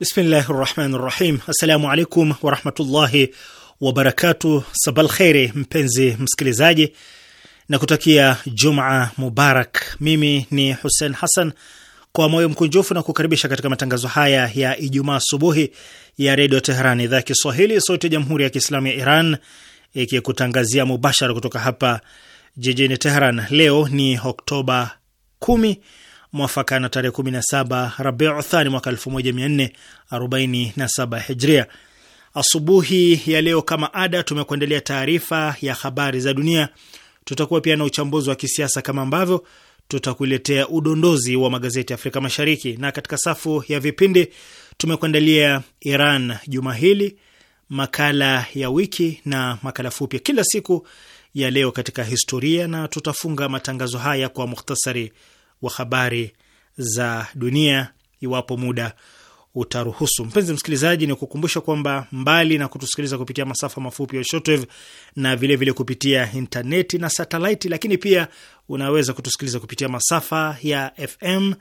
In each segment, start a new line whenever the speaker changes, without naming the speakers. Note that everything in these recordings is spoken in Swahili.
Bismillahi rahmani rahim. Assalamu alaikum warahmatullahi wabarakatu. Sabal kheri, mpenzi msikilizaji, na kutakia Juma Mubarak. Mimi ni Hussein Hassan, kwa moyo mkunjufu na kukaribisha katika matangazo haya ya Ijumaa asubuhi ya Redio Teheran, idhaa ya Kiswahili, sauti ya Jamhuri ya Kiislamu ya Iran, ikikutangazia mubashara kutoka hapa jijini Teheran. Leo ni Oktoba 10 mwafaka na tarehe 17 Rabiu Thani mwaka 1447 Hijria. Asubuhi ya leo kama ada, tumekuandalia taarifa ya habari za dunia. Tutakuwa pia na uchambuzi wa kisiasa kama ambavyo tutakuletea udondozi wa magazeti ya Afrika Mashariki, na katika safu ya vipindi tumekuandalia Iran juma hili, makala ya wiki na makala fupi kila siku ya leo katika historia, na tutafunga matangazo haya kwa mukhtasari wa habari za dunia iwapo muda utaruhusu. Mpenzi msikilizaji, ni kukumbusha kwamba mbali na kutusikiliza kupitia masafa mafupi ya shortwave na vilevile vile kupitia intaneti na satelaiti, lakini pia unaweza kutusikiliza kupitia masafa ya FM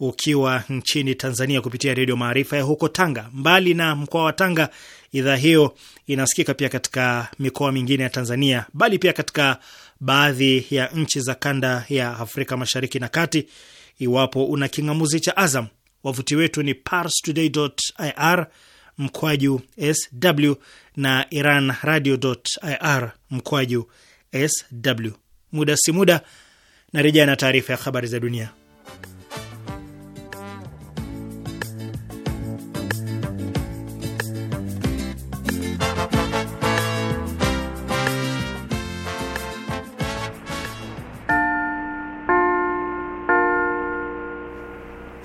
ukiwa nchini Tanzania kupitia Redio Maarifa ya huko Tanga. Mbali na mkoa wa Tanga, idhaa hiyo inasikika pia katika mikoa mingine ya Tanzania, bali pia katika baadhi ya nchi za kanda ya Afrika Mashariki na Kati iwapo una king'amuzi cha Azam. Wavuti wetu ni parstoday.ir mkwaju sw na iranradio.ir mkwaju sw. Muda si muda na rejea na taarifa ya habari za dunia.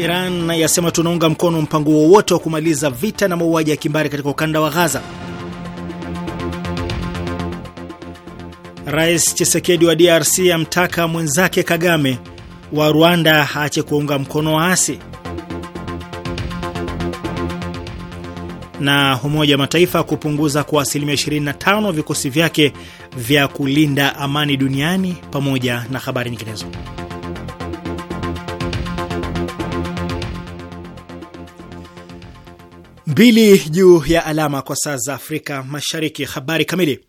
Iran yasema tunaunga mkono mpango wowote wa kumaliza vita na mauaji ya kimbari katika ukanda wa Ghaza. Rais Chisekedi wa DRC amtaka mwenzake Kagame wa Rwanda aache kuunga mkono waasi. Na Umoja wa Mataifa kupunguza kwa asilimia 25 vikosi vyake vya kulinda amani duniani, pamoja na habari nyinginezo. mbili juu ya alama kwa saa za Afrika Mashariki. Habari kamili.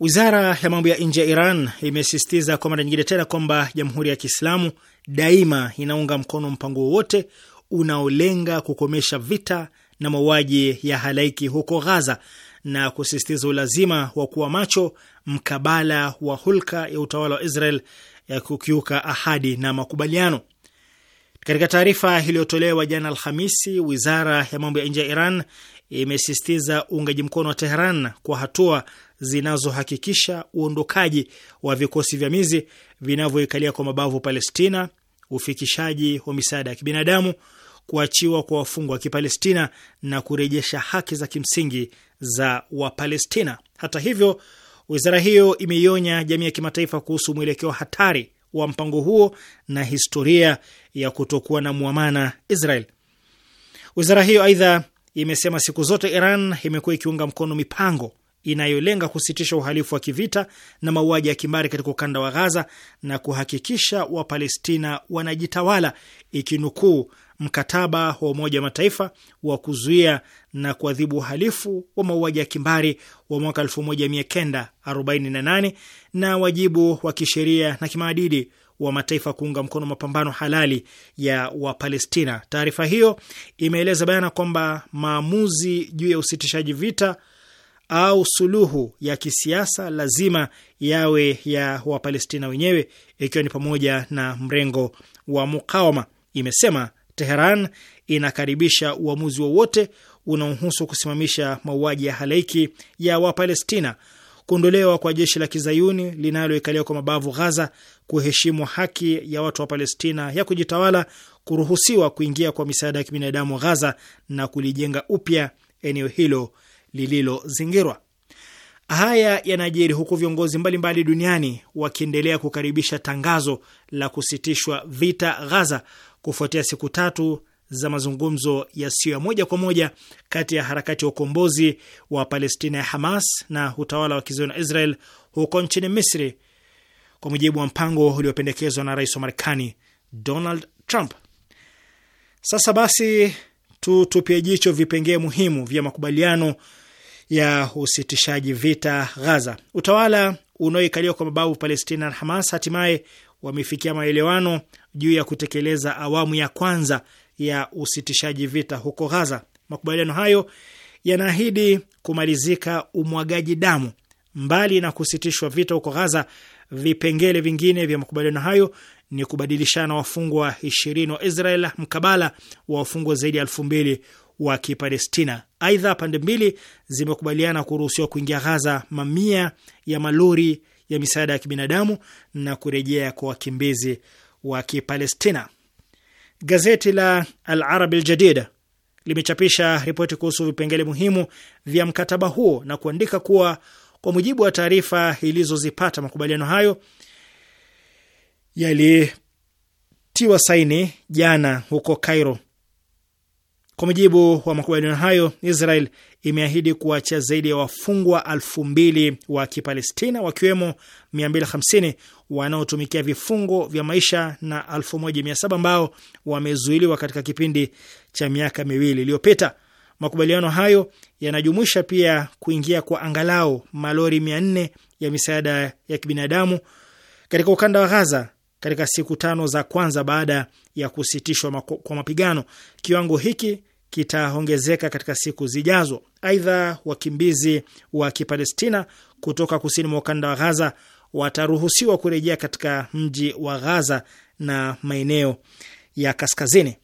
Wizara ya mambo ya nje ya Iran imesisitiza kwa mara nyingine tena kwamba Jamhuri ya Kiislamu daima inaunga mkono mpango wowote unaolenga kukomesha vita na mauaji ya halaiki huko Ghaza na kusisitiza ulazima wa kuwa macho mkabala wa hulka ya utawala wa Israel ya kukiuka ahadi na makubaliano. Katika taarifa iliyotolewa jana Alhamisi, wizara ya mambo ya nje ya Iran imesisitiza uungaji mkono wa Teheran kwa hatua zinazohakikisha uondokaji wa vikosi vya mizi vinavyoikalia kwa mabavu Palestina, ufikishaji wa misaada ya kibinadamu, kuachiwa kwa wafungwa wa Kipalestina na kurejesha haki za kimsingi za Wapalestina. Hata hivyo, wizara hiyo imeionya jamii ya kimataifa kuhusu mwelekeo hatari wa mpango huo na historia ya kutokuwa na mwamana Israel. Wizara hiyo aidha imesema siku zote Iran imekuwa ikiunga mkono mipango inayolenga kusitisha uhalifu wa kivita na mauaji ya kimbari katika ukanda wa Ghaza na kuhakikisha Wapalestina wanajitawala, ikinukuu mkataba wa Umoja wa Mataifa wa kuzuia na kuadhibu uhalifu wa mauaji ya kimbari wa mwaka 1948 na wajibu wa kisheria na kimaadili wa Mataifa kuunga mkono mapambano halali ya Wapalestina. Taarifa hiyo imeeleza bayana kwamba maamuzi juu ya usitishaji vita au suluhu ya kisiasa lazima yawe ya Wapalestina wenyewe, ikiwa ni pamoja na mrengo wa mukawama. Imesema Teheran inakaribisha uamuzi wowote unaohusu kusimamisha mauaji ya halaiki ya Wapalestina kuondolewa kwa jeshi la kizayuni linaloikalia kwa mabavu Ghaza, kuheshimu haki ya watu wa Palestina ya kujitawala, kuruhusiwa kuingia kwa misaada ya kibinadamu Ghaza na kulijenga upya eneo hilo lililozingirwa. Haya yanajiri huku viongozi mbalimbali mbali duniani wakiendelea kukaribisha tangazo la kusitishwa vita Ghaza kufuatia siku tatu za mazungumzo yasiyo ya moja kwa moja kati ya harakati ya ukombozi wa Palestina ya Hamas na utawala wa kizayuni wa Israel huko nchini Misri kwa mujibu wa mpango uliopendekezwa na rais wa Marekani Donald Trump. Sasa basi, tutupie jicho vipengee muhimu vya makubaliano ya usitishaji vita Ghaza. Utawala unaoikaliwa kwa mabavu Palestina na Hamas hatimaye wamefikia maelewano juu ya kutekeleza awamu ya kwanza ya usitishaji vita huko Ghaza. Makubaliano hayo yanaahidi kumalizika umwagaji damu. Mbali na kusitishwa vita huko Ghaza, vipengele vingine vya makubaliano hayo ni kubadilishana wafungwa ishirini wa Israel mkabala wa wafungwa zaidi ya elfu mbili wa Kipalestina. Aidha, pande mbili zimekubaliana kuruhusiwa kuingia Ghaza mamia ya malori ya misaada ya kibinadamu na kurejea kwa wakimbizi wa Kipalestina. Gazeti la Al Arab Al Jadida limechapisha ripoti kuhusu vipengele muhimu vya mkataba huo na kuandika kuwa kwa mujibu wa taarifa ilizozipata, makubaliano hayo yalitiwa saini jana huko Cairo kwa mujibu wa makubaliano hayo, Israel imeahidi kuacha zaidi ya wafungwa elfu mbili wa Kipalestina, wakiwemo 250 wanaotumikia vifungo vya maisha na 1700 ambao wamezuiliwa katika kipindi cha miaka miwili iliyopita. Makubaliano hayo yanajumuisha pia kuingia kwa angalau malori 400 ya misaada ya kibinadamu katika ukanda wa Gaza katika siku tano za kwanza baada ya kusitishwa kwa mapigano. Kiwango hiki kitaongezeka katika siku zijazo. Aidha, wakimbizi wa Kipalestina kutoka kusini mwa ukanda wa Ghaza wataruhusiwa kurejea katika mji wa Ghaza na maeneo ya kaskazini.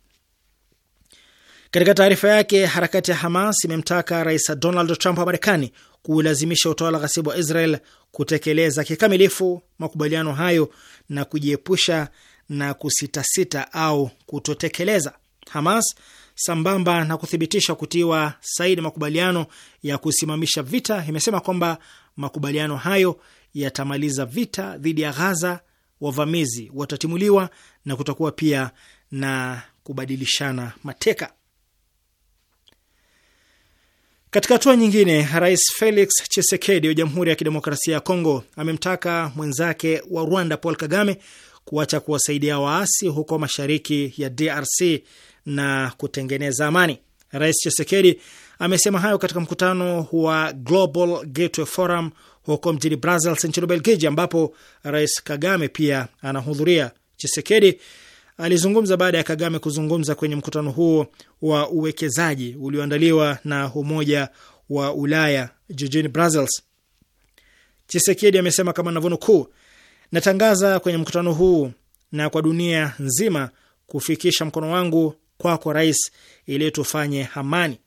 Katika taarifa yake, harakati ya Hamas imemtaka Rais Donald Trump wa Marekani kuulazimisha utawala ghasibu wa Israel kutekeleza kikamilifu makubaliano hayo na kujiepusha na kusitasita au kutotekeleza. Hamas sambamba na kuthibitisha kutiwa saini makubaliano ya kusimamisha vita, imesema kwamba makubaliano hayo yatamaliza vita dhidi ya Ghaza, wavamizi watatimuliwa na kutakuwa pia na kubadilishana mateka. Katika hatua nyingine, Rais Felix chisekedi wa Jamhuri ya Kidemokrasia ya Kongo amemtaka mwenzake wa Rwanda Paul Kagame kuacha kuwasaidia waasi huko mashariki ya DRC na kutengeneza amani. Rais Chisekedi amesema hayo katika mkutano wa Global Gateway Forum huko mjini Brussels nchini Ubelgiji, ambapo Rais Kagame pia anahudhuria. Chisekedi alizungumza baada ya Kagame kuzungumza kwenye mkutano huo wa uwekezaji ulioandaliwa na Umoja wa Ulaya jijini Brussels. Chisekedi amesema kama navyonukuu, natangaza kwenye mkutano huu na kwa dunia nzima kufikisha mkono wangu kwako rais, ili tufanye amani.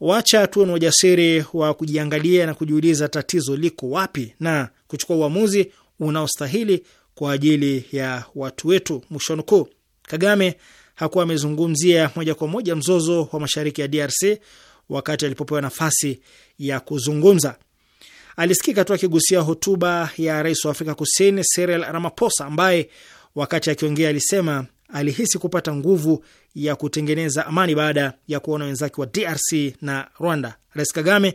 Wacha tuwe na ujasiri wa kujiangalia na kujiuliza tatizo liko wapi na kuchukua uamuzi unaostahili kwa ajili ya watu wetu, mwisho nukuu. Kagame hakuwa amezungumzia moja kwa moja mzozo wa mashariki ya DRC wakati alipopewa nafasi ya kuzungumza. Alisikika tu akigusia hotuba ya rais wa Afrika Kusini Cyril Ramaphosa, ambaye wakati akiongea alisema alihisi kupata nguvu ya kutengeneza amani baada ya kuona wenzake wa DRC na Rwanda. Rais Kagame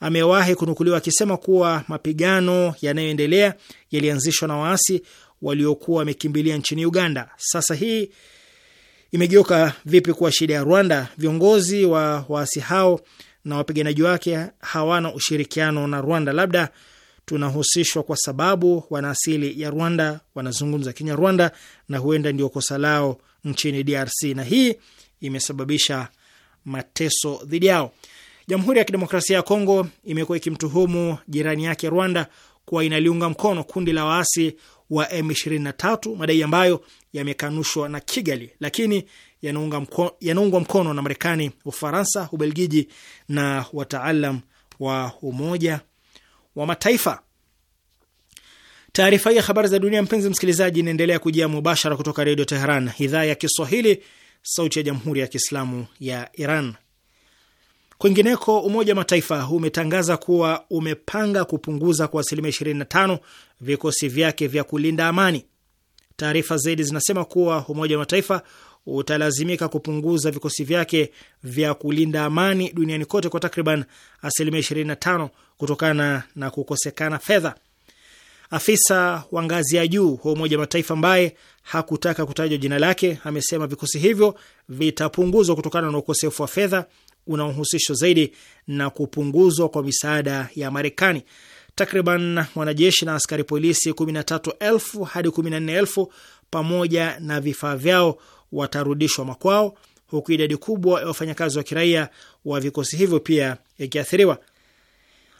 amewahi kunukuliwa akisema kuwa mapigano yanayoendelea yalianzishwa na waasi waliokuwa wamekimbilia nchini Uganda. Sasa hii imegeuka vipi kuwa shida ya Rwanda? Viongozi wa waasi hao na wapiganaji wake hawana ushirikiano na Rwanda. Labda tunahusishwa kwa sababu wana asili ya Rwanda, wanazungumza Kinyarwanda na huenda ndio kosa lao nchini DRC, na hii imesababisha mateso dhidi yao. Jamhuri ya Kidemokrasia ya Kongo imekuwa ikimtuhumu jirani yake Rwanda kuwa inaliunga mkono kundi la waasi wa M23, madai ambayo yamekanushwa na Kigali, lakini yanaungwa mkono, yanaungwa mkono na Marekani, Ufaransa, Ubelgiji na wataalam wa Umoja wa Mataifa. Taarifa hii ya habari za dunia, mpenzi msikilizaji, inaendelea kujia mubashara kutoka Redio Teheran, idhaa ya Kiswahili, sauti ya Jamhuri ya Kiislamu ya Iran. Kwingineko, Umoja wa Mataifa umetangaza kuwa umepanga kupunguza kwa asilimia 25 vikosi vyake vya kulinda amani. Taarifa zaidi zinasema kuwa Umoja wa Mataifa utalazimika kupunguza vikosi vyake vya kulinda amani duniani kote kwa takriban asilimia 25 kutokana na kukosekana fedha. Afisa wa ngazi ya juu wa Umoja wa Mataifa ambaye hakutaka kutajwa jina lake amesema vikosi hivyo vitapunguzwa kutokana na ukosefu wa fedha unaohusishwa zaidi na kupunguzwa kwa misaada ya Marekani. Takriban wanajeshi na askari polisi 13,000 hadi 14,000 pamoja na vifaa vyao watarudishwa makwao, huku idadi kubwa ya wafanyakazi wa kiraia wa vikosi hivyo pia ikiathiriwa.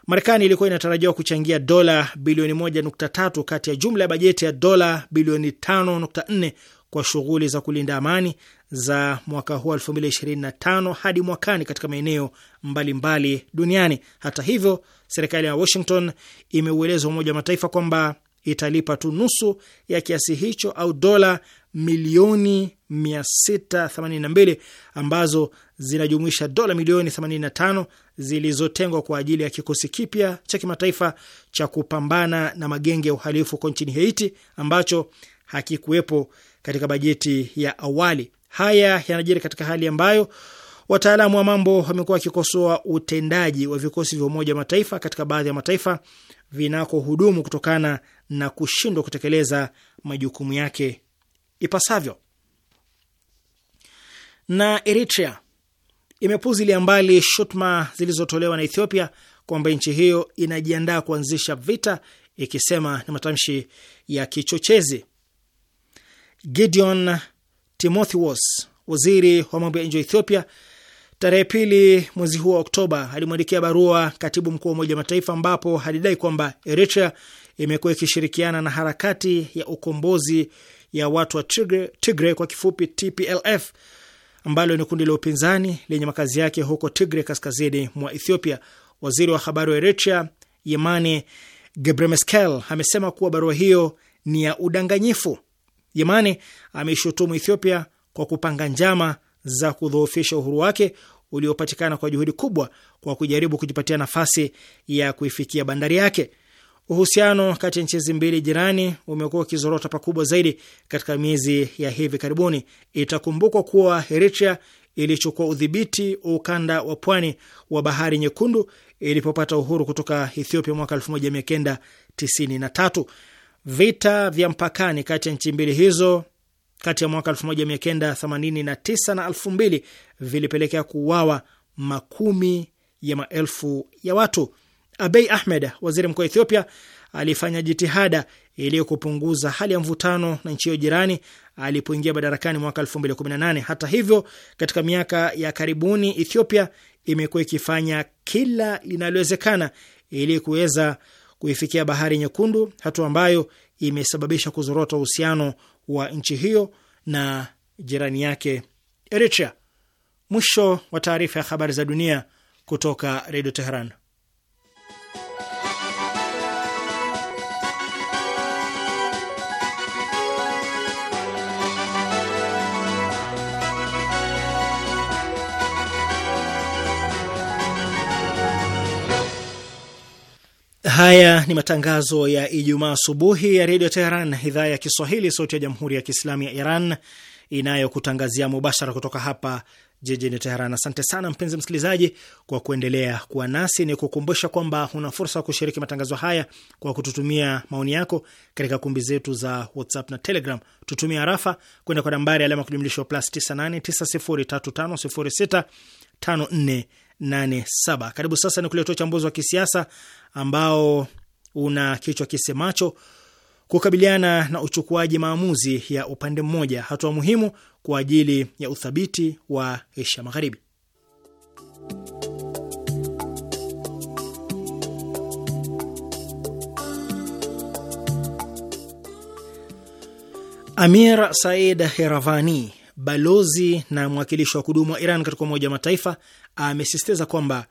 Marekani ilikuwa inatarajiwa kuchangia dola bilioni 1.3 kati ya jumla ya bajeti ya dola bilioni 5.4 kwa shughuli za kulinda amani za mwaka huu 2025 hadi mwakani katika maeneo mbalimbali duniani. Hata hivyo, serikali ya Washington imeueleza Umoja wa Mataifa kwamba italipa tu nusu ya kiasi hicho au dola milioni 682 ambazo zinajumuisha dola milioni 85 zilizotengwa kwa ajili ya kikosi kipya cha kimataifa cha kupambana na magenge ya uhalifu huko nchini Haiti ambacho hakikuwepo katika bajeti ya awali. Haya yanajiri katika hali ambayo Wataalamu wa mambo wamekuwa wakikosoa utendaji wa vikosi vya Umoja wa Mataifa katika baadhi ya mataifa vinakohudumu kutokana na kushindwa kutekeleza majukumu yake ipasavyo. Na Eritrea imepuzilia mbali shutuma zilizotolewa na Ethiopia kwamba nchi hiyo inajiandaa kuanzisha vita, ikisema ni matamshi ya kichochezi. Gideon Was, waziri wa mambo ya nje wa Ethiopia, Tarehe pili mwezi huu wa Oktoba alimwandikia barua katibu mkuu wa Umoja Mataifa ambapo alidai kwamba Eritrea imekuwa ikishirikiana na harakati ya ukombozi ya watu wa Tigre, Tigre kwa kifupi TPLF ambalo ni kundi la upinzani lenye makazi yake huko Tigre kaskazini mwa Ethiopia. Waziri wa habari wa Eritrea Yemane Gebremeskel amesema kuwa barua hiyo ni ya udanganyifu. Yemane ameishutumu Ethiopia kwa kupanga njama za kudhoofisha uhuru wake uliopatikana kwa juhudi kubwa kwa kujaribu kujipatia nafasi ya kuifikia bandari yake. Uhusiano kati ya nchi hizi mbili jirani umekuwa ukizorota pakubwa zaidi katika miezi ya hivi karibuni. Itakumbukwa kuwa Eritrea ilichukua udhibiti wa ukanda wa pwani wa bahari Nyekundu ilipopata uhuru kutoka Ethiopia mwaka 1993. Vita vya mpakani kati ya nchi mbili hizo kati ya mwaka 1989 na 2000 vilipelekea kuuawa makumi ya maelfu ya watu. Abei Ahmed, waziri mkuu wa Ethiopia, alifanya jitihada ili kupunguza hali ya mvutano na nchi hiyo jirani alipoingia madarakani mwaka 2018. Hata hivyo, katika miaka ya karibuni Ethiopia imekuwa ikifanya kila linalowezekana ili kuweza kuifikia Bahari Nyekundu, hatua ambayo imesababisha kuzorota uhusiano wa nchi hiyo na jirani yake Eritrea. Mwisho wa taarifa ya habari za dunia kutoka Redio Teheran. Haya ni matangazo ya Ijumaa asubuhi ya redio Teheran, idhaa ya Kiswahili, sauti ya jamhuri ya kiislamu ya Iran inayokutangazia mubashara kutoka hapa jijini Teheran. Asante sana mpenzi msikilizaji kwa kuendelea kuwa nasi. Ni kukumbusha kwamba una fursa ya kushiriki matangazo haya kwa kututumia maoni yako katika kumbi zetu za WhatsApp na Telegram. Tutumia arafa kwenda kwa nambari alama kujumlisha plus 98 90350654 87. Karibu sasa ni kuletea uchambuzi wa kisiasa ambao una kichwa kisemacho kukabiliana na uchukuaji maamuzi ya upande mmoja, hatua muhimu kwa ajili ya uthabiti wa Asia Magharibi. Amir Said Heravani, balozi na mwakilishi wa kudumu wa Iran katika Umoja wa Mataifa, amesisitiza kwamba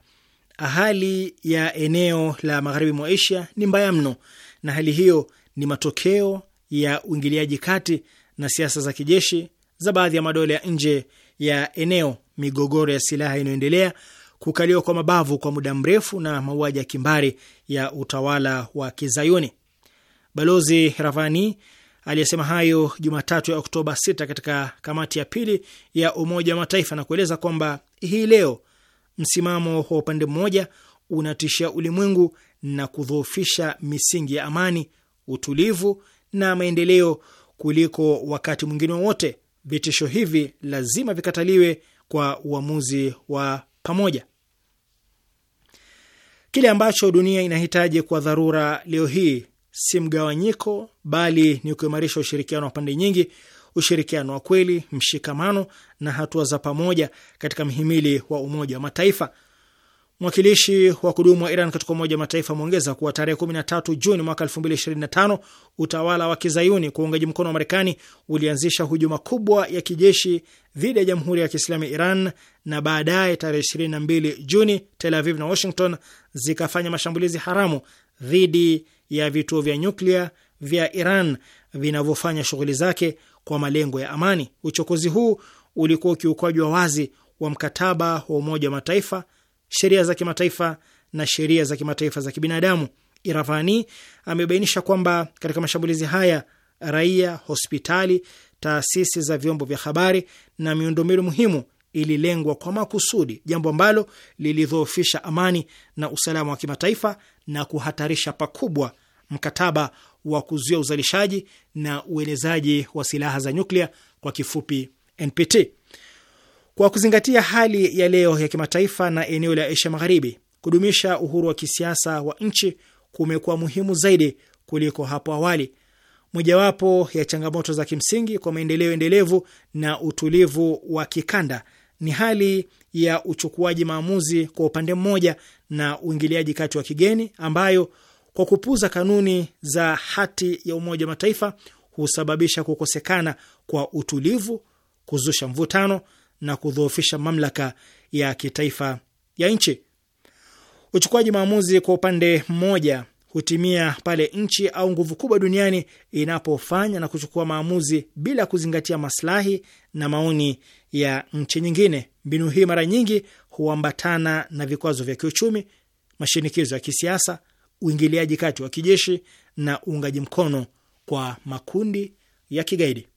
hali ya eneo la magharibi mwa Asia ni mbaya mno na hali hiyo ni matokeo ya uingiliaji kati na siasa za kijeshi za baadhi ya madola ya nje ya eneo, migogoro ya silaha inayoendelea, kukaliwa kwa mabavu kwa muda mrefu na mauaji ya kimbari ya utawala wa Kizayuni. Balozi Ravani aliyesema hayo Jumatatu ya Oktoba 6 katika kamati ya pili ya Umoja wa Mataifa na kueleza kwamba hii leo msimamo wa upande mmoja unatishia ulimwengu na kudhoofisha misingi ya amani, utulivu na maendeleo kuliko wakati mwingine wowote. Vitisho hivi lazima vikataliwe kwa uamuzi wa pamoja. Kile ambacho dunia inahitaji kwa dharura leo hii si mgawanyiko, bali ni kuimarisha ushirikiano wa pande nyingi, ushirikiano wa kweli, mshikamano na hatua za pamoja katika mhimili wa Umoja wa Mataifa. Mwakilishi wa kudumu wa Iran katika Umoja wa Mataifa ameongeza kuwa tarehe 13 Juni mwaka 2025 utawala wa kizayuni kwa uungaji mkono wa Marekani ulianzisha hujuma kubwa ya kijeshi dhidi ya Jamhuri ya Kiislamu ya Iran, na baadaye tarehe 22 Juni Tel Aviv na Washington zikafanya mashambulizi haramu dhidi ya vituo vya nyuklia vya Iran vinavyofanya shughuli zake kwa malengo ya amani. Uchokozi huu ulikuwa ukiukwaji wa wazi wa mkataba wa Umoja wa Mataifa, sheria za kimataifa na sheria za kimataifa za kibinadamu. Iravani amebainisha kwamba katika mashambulizi haya raia, hospitali, taasisi za vyombo vya habari na miundombinu muhimu ililengwa kwa makusudi, jambo ambalo lilidhoofisha amani na usalama wa kimataifa na kuhatarisha pakubwa mkataba wa kuzuia uzalishaji na uelezaji wa silaha za nyuklia, kwa kifupi NPT. Kwa kuzingatia hali ya leo ya kimataifa na eneo la Asia Magharibi, kudumisha uhuru wa kisiasa wa nchi kumekuwa muhimu zaidi kuliko hapo awali. Mojawapo ya changamoto za kimsingi kwa maendeleo endelevu na utulivu wa kikanda ni hali ya uchukuaji maamuzi kwa upande mmoja na uingiliaji kati wa kigeni, ambayo kwa kupuza kanuni za hati ya Umoja wa Mataifa husababisha kukosekana kwa utulivu kuzusha mvutano na kudhoofisha mamlaka ya kitaifa ya nchi. Uchukuaji maamuzi kwa upande mmoja hutimia pale nchi au nguvu kubwa duniani inapofanya na kuchukua maamuzi bila kuzingatia maslahi na maoni ya nchi nyingine. Mbinu hii mara nyingi huambatana na vikwazo vya kiuchumi, mashinikizo ya kisiasa, uingiliaji kati wa kijeshi na uungaji mkono kwa makundi ya kigaidi.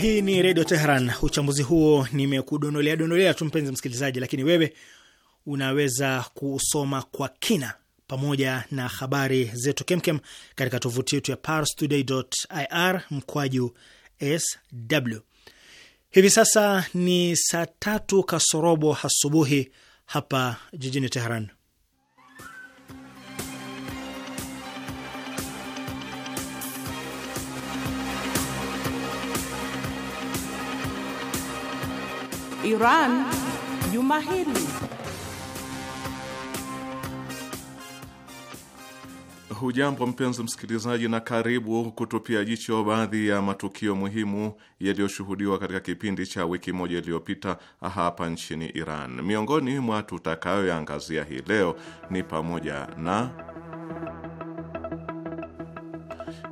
Hii ni Redio Teheran. Uchambuzi huo nimekudondolea dondolea tu mpenzi msikilizaji, lakini wewe unaweza kusoma kwa kina pamoja na habari zetu kemkem katika tovuti yetu ya parstoday.ir mkwaju sw. Hivi sasa ni saa tatu kasorobo asubuhi hapa jijini Teheran.
Iran juma hili.
Hujambo mpenzi msikilizaji, na karibu kutupia jicho baadhi ya matukio muhimu yaliyoshuhudiwa katika kipindi cha wiki moja iliyopita hapa nchini Iran. Miongoni mwa tutakayoyaangazia hii leo ni pamoja na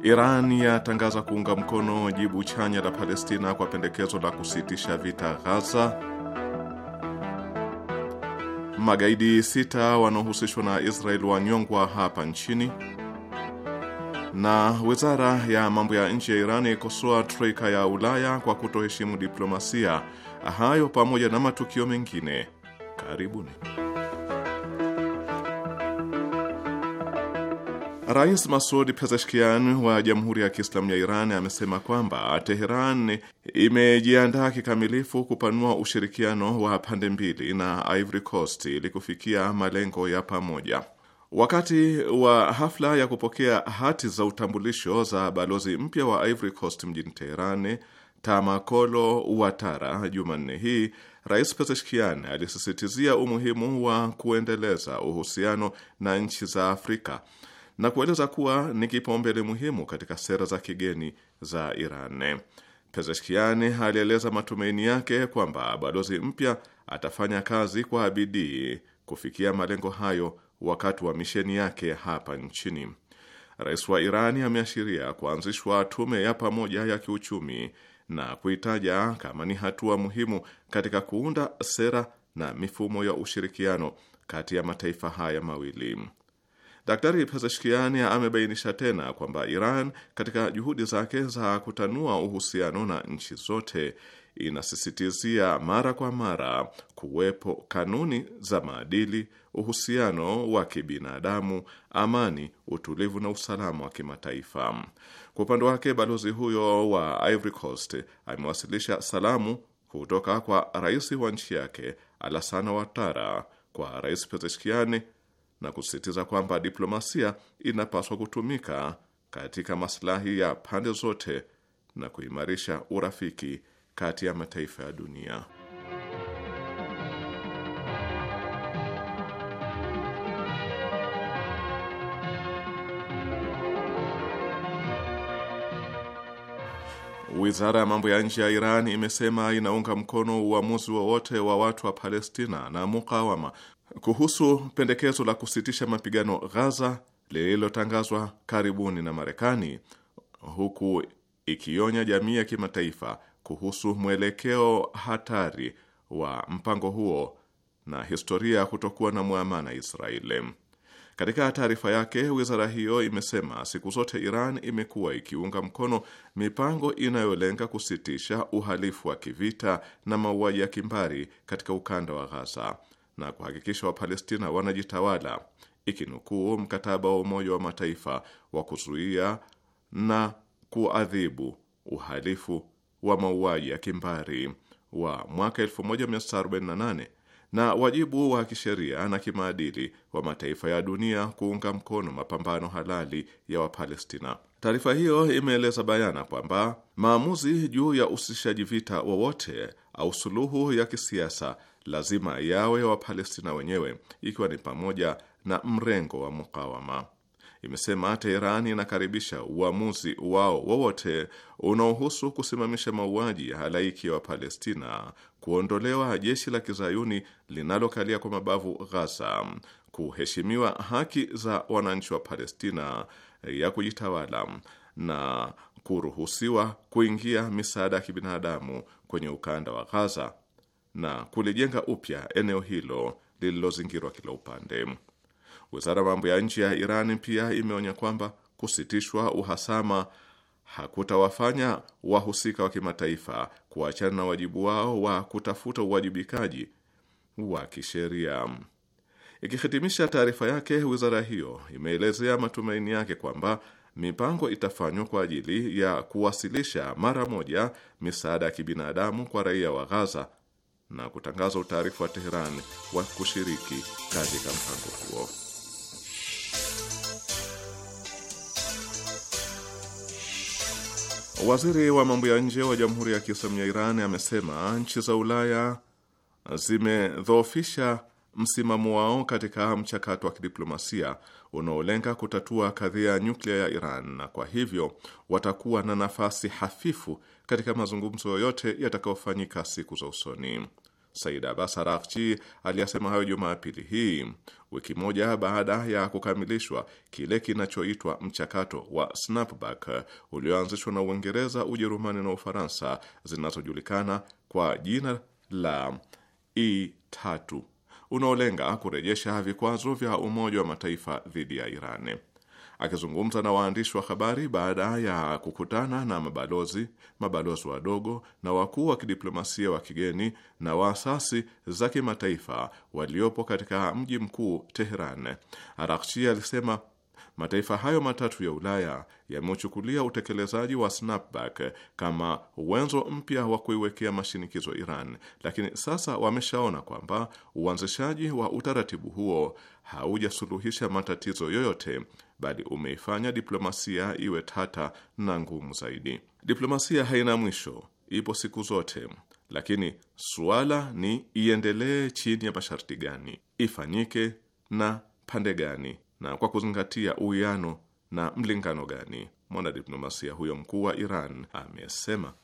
Iran yatangaza kuunga mkono jibu chanya la Palestina kwa pendekezo la kusitisha vita Ghaza. Magaidi sita wanaohusishwa na Israel wanyongwa hapa nchini. Na wizara ya mambo ya nje ya Iran ikosoa troika ya Ulaya kwa kutoheshimu diplomasia. Hayo pamoja na matukio mengine, karibuni. Rais Masud Pezeshkian wa Jamhuri ya Kiislamu ya Iran amesema kwamba Teheran imejiandaa kikamilifu kupanua ushirikiano wa pande mbili na Ivory Coast ili kufikia malengo ya pamoja. Wakati wa hafla ya kupokea hati za utambulisho za balozi mpya wa Ivory Coast mjini Teheran, Tamakolo Watara, Jumanne hii, Rais Pezeshkian alisisitizia umuhimu wa kuendeleza uhusiano na nchi za Afrika na kueleza kuwa ni kipaumbele muhimu katika sera za kigeni za Iran. Pezeshkiani alieleza matumaini yake kwamba balozi mpya atafanya kazi kwa bidii kufikia malengo hayo wakati wa misheni yake hapa nchini. Rais wa Irani ameashiria kuanzishwa tume ya pamoja ya kiuchumi na kuitaja kama ni hatua muhimu katika kuunda sera na mifumo ya ushirikiano kati ya mataifa haya mawili. Daktari Pezeshkiani amebainisha tena kwamba Iran katika juhudi zake za kutanua uhusiano na nchi zote inasisitizia mara kwa mara kuwepo kanuni za maadili, uhusiano wa kibinadamu, amani, utulivu na usalama wa kimataifa. Kwa upande wake, balozi huyo wa Ivory Coast amewasilisha salamu kutoka kwa rais wa nchi yake Alassane Ouattara kwa Rais Pezeshkiani na kusisitiza kwamba diplomasia inapaswa kutumika katika maslahi ya pande zote na kuimarisha urafiki kati ya mataifa ya dunia. Wizara ya mambo ya nje ya Iran imesema inaunga mkono uamuzi wowote wa, wa watu wa Palestina na mukawama kuhusu pendekezo la kusitisha mapigano Ghaza lililotangazwa karibuni na Marekani, huku ikionya jamii ya kimataifa kuhusu mwelekeo hatari wa mpango huo na historia ya kutokuwa na mwamana Israeli. Katika taarifa yake, wizara hiyo imesema siku zote Iran imekuwa ikiunga mkono mipango inayolenga kusitisha uhalifu wa kivita na mauaji ya kimbari katika ukanda wa Ghaza na kuhakikisha Wapalestina wanajitawala, ikinukuu mkataba wa Umoja wa Mataifa wa kuzuia na kuadhibu uhalifu wa mauaji ya kimbari wa mwaka 1948 na wajibu wa kisheria na kimaadili wa mataifa ya dunia kuunga mkono mapambano halali ya Wapalestina. Taarifa hiyo imeeleza bayana kwamba maamuzi juu ya usitishaji vita wowote au suluhu ya kisiasa lazima yawe Wapalestina wenyewe, ikiwa ni pamoja na mrengo wa mukawama. Imesema Teheran inakaribisha uamuzi wao wowote unaohusu kusimamisha mauaji ya halaiki ya wa Wapalestina, kuondolewa jeshi la kizayuni linalokalia kwa mabavu Ghaza, kuheshimiwa haki za wananchi wa Palestina ya kujitawala na kuruhusiwa kuingia misaada ya kibinadamu kwenye ukanda wa Ghaza na kulijenga upya eneo hilo lililozingirwa kila upande. Wizara ya mambo ya nje ya Iran pia imeonya kwamba kusitishwa uhasama hakutawafanya wahusika wa kimataifa kuachana na wajibu wao wa kutafuta uwajibikaji wa kisheria. Ikihitimisha taarifa yake, wizara hiyo imeelezea matumaini yake kwamba mipango itafanywa kwa ajili ya kuwasilisha mara moja misaada ya kibinadamu kwa raia wa Gaza na kutangaza utaarifu wa Teheran wa kushiriki katika mpango huo. Waziri wa mambo ya nje wa Jamhuri ya Kiislamu ya Iran amesema nchi za Ulaya zimedhoofisha msimamo wao katika mchakato wa kidiplomasia unaolenga kutatua kadhia ya nyuklia ya Iran, na kwa hivyo watakuwa na nafasi hafifu katika mazungumzo yoyote yatakayofanyika siku za usoni. Said Abbas Arafchi aliyasema hayo Jumapili hii wiki moja baada ya kukamilishwa kile kinachoitwa mchakato wa snapback ulioanzishwa na Uingereza, Ujerumani na Ufaransa zinazojulikana kwa jina la E3 unaolenga kurejesha vikwazo vya Umoja wa Mataifa dhidi ya Iran. Akizungumza na waandishi wa habari baada ya kukutana na mabalozi, mabalozi wadogo na wakuu wa kidiplomasia wa kigeni na waasasi za kimataifa waliopo katika mji mkuu Teheran, Araghchi alisema Mataifa hayo matatu ya Ulaya yameuchukulia utekelezaji wa snapback kama wenzo mpya wa kuiwekea mashinikizo Iran, lakini sasa wameshaona kwamba uanzishaji wa utaratibu huo haujasuluhisha matatizo yoyote, bali umeifanya diplomasia iwe tata na ngumu zaidi. Diplomasia haina mwisho, ipo siku zote, lakini suala ni iendelee chini ya masharti gani, ifanyike na pande gani na kwa kuzingatia uwiano na mlingano gani? Mwanadiplomasia huyo mkuu wa Iran amesema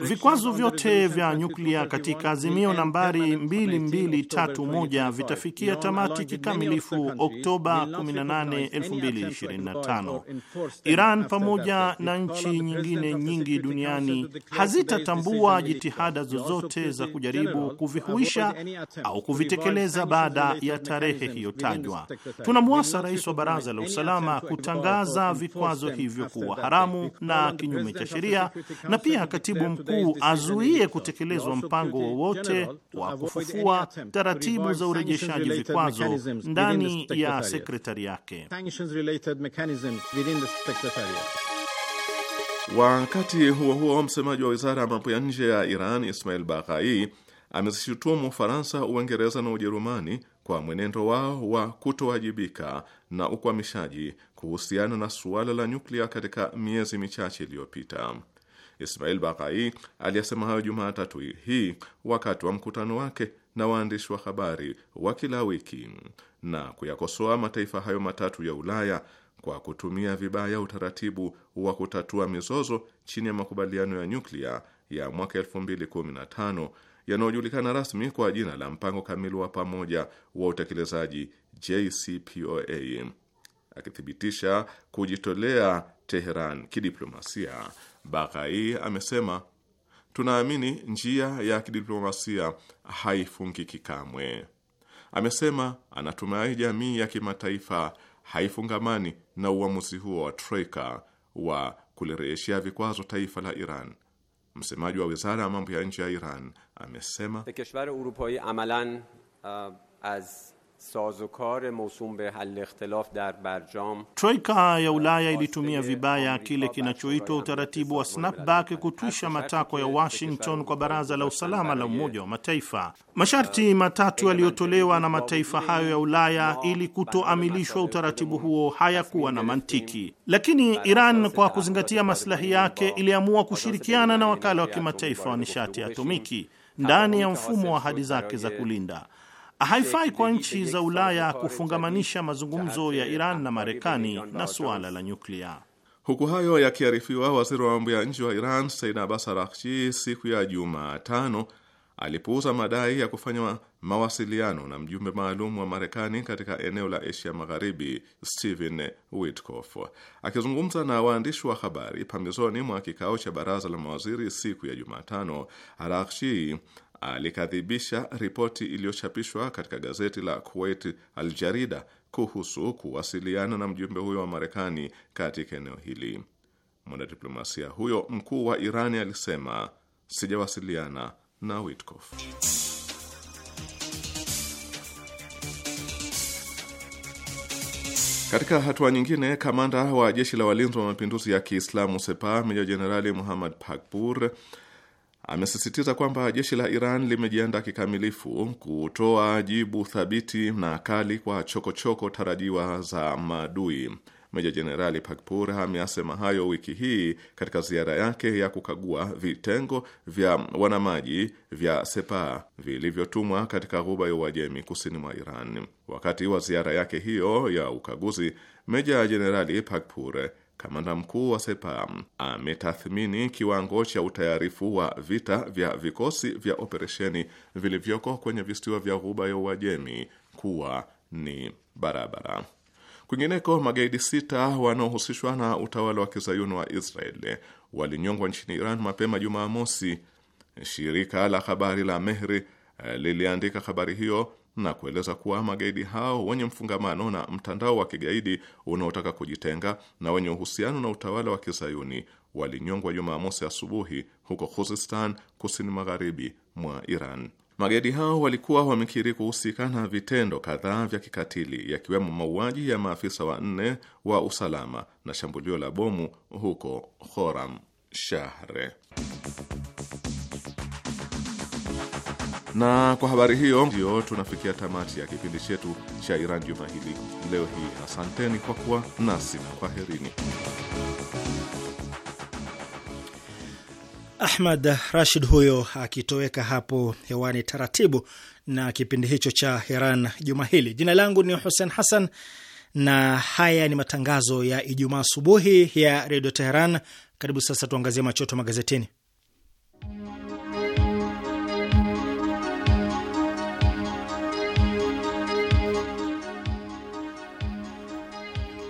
Vikwazo vyote vya
nyuklia katika azimio nambari
2231 vitafikia tamati kikamilifu Oktoba 18, 2025. Iran pamoja na nchi nyingine nyingi duniani hazitatambua jitihada zozote za kujaribu kuvihuisha au kuvitekeleza baada ya tarehe hiyo tajwa. Tunamwasa rais wa Baraza la Usalama kutangaza vikwazo hivyo kuwa haramu na kinyume cha sheria na pia katibu mkuu azuie kutekelezwa mpango wowote wa kufufua taratibu za urejeshaji vikwazo ndani ya sekretari yake.
Wakati huo huo, msemaji wa wizara ya mambo ya nje ya Iran Ismail Baghai amezishutumu Ufaransa, Uingereza na Ujerumani kwa mwenendo wao wa kutowajibika na ukwamishaji kuhusiana na suala la nyuklia katika miezi michache iliyopita. Ismail Bakai aliyasema hayo Jumatatu hii wakati wa mkutano wake na waandishi wa habari wa kila wiki na kuyakosoa mataifa hayo matatu ya Ulaya kwa kutumia vibaya utaratibu wa kutatua mizozo chini ya makubaliano ya nyuklia ya mwaka 2015 yanayojulikana rasmi kwa jina la mpango kamili wa pamoja wa utekelezaji JCPOA, akithibitisha kujitolea Teheran kidiplomasia Baghai amesema tunaamini njia ya kidiplomasia haifungiki kamwe. Amesema anatumai jamii ya kimataifa haifungamani na uamuzi huo wa troika wa kulirejeshea vikwazo taifa la Iran. Msemaji wa wizara ya mambo ya nje ya Iran amesema
The Sazokar
Troika ya Ulaya ilitumia vibaya kile kinachoitwa utaratibu wa snapback kutwisha matakwa ya Washington kwa Baraza la Usalama la Umoja wa Mataifa. Masharti matatu yaliyotolewa na mataifa hayo ya Ulaya ili kutoamilishwa utaratibu huo hayakuwa na mantiki, lakini Iran kwa kuzingatia maslahi yake iliamua kushirikiana na wakala wa kimataifa wa nishati ya atomiki ndani ya mfumo wa ahadi zake za kulinda Haifai kwa nchi za Ulaya kufungamanisha mazungumzo ya Iran na Marekani na suala la nyuklia.
Huku hayo yakiarifiwa, waziri wa mambo ya nje wa Iran Said Abbas Araghchi siku ya Jumatano alipuuza madai ya kufanywa mawasiliano na mjumbe maalum wa Marekani katika eneo la Asia Magharibi Stephen Witkoff. Akizungumza na waandishi wa habari pambizoni mwa kikao cha baraza la mawaziri siku ya Jumatano, Araghchi alikadhibisha ripoti iliyochapishwa katika gazeti la Kuwait Al Jarida kuhusu kuwasiliana na mjumbe huyo wa Marekani katika eneo hili. Mwanadiplomasia huyo mkuu wa Irani alisema sijawasiliana na Witkof. Katika hatua nyingine, kamanda wa jeshi la walinzi wa mapinduzi ya Kiislamu Sepah, meja jenerali Muhammad Pakpur Amesisitiza kwamba jeshi la Iran limejiandaa kikamilifu kutoa jibu thabiti na kali kwa chokochoko -choko tarajiwa za maadui. Meja Jenerali Pakpur ameasema hayo wiki hii katika ziara yake ya kukagua vitengo vya wanamaji vya Sepa vilivyotumwa katika ghuba ya Uajemi kusini mwa Iran. Wakati wa ziara yake hiyo ya ukaguzi, Meja Jenerali Pakpur kamanda mkuu wa Sepa ametathmini kiwango cha utayarifu wa vita vya vikosi vya operesheni vilivyoko kwenye visiwa vya Ghuba ya Uajemi kuwa ni barabara. Kwingineko, magaidi sita wanaohusishwa na utawala wa kizayuni wa Israeli walinyongwa nchini Iran mapema Jumaa mosi. Shirika la habari la Mehri liliandika habari hiyo na kueleza kuwa magaidi hao wenye mfungamano na mtandao wa kigaidi unaotaka kujitenga na wenye uhusiano na utawala wa kizayuni walinyongwa Jumamosi asubuhi huko Khuzistan, kusini magharibi mwa Iran. Magaidi hao walikuwa wamekiri kuhusika na vitendo kadhaa vya kikatili yakiwemo mauaji ya maafisa wanne wa usalama na shambulio la bomu huko horam Shahre. Na kwa habari hiyo ndio tunafikia tamati ya kipindi chetu cha Iran juma hili leo hii. Asanteni kwa kuwa nasi na kwaherini.
Ahmad Rashid huyo akitoweka hapo hewani taratibu na kipindi hicho cha Iran juma hili. Jina langu ni Hussein Hassan na haya ni matangazo ya Ijumaa asubuhi ya Redio Teheran. Karibu sasa tuangazie machoto magazetini.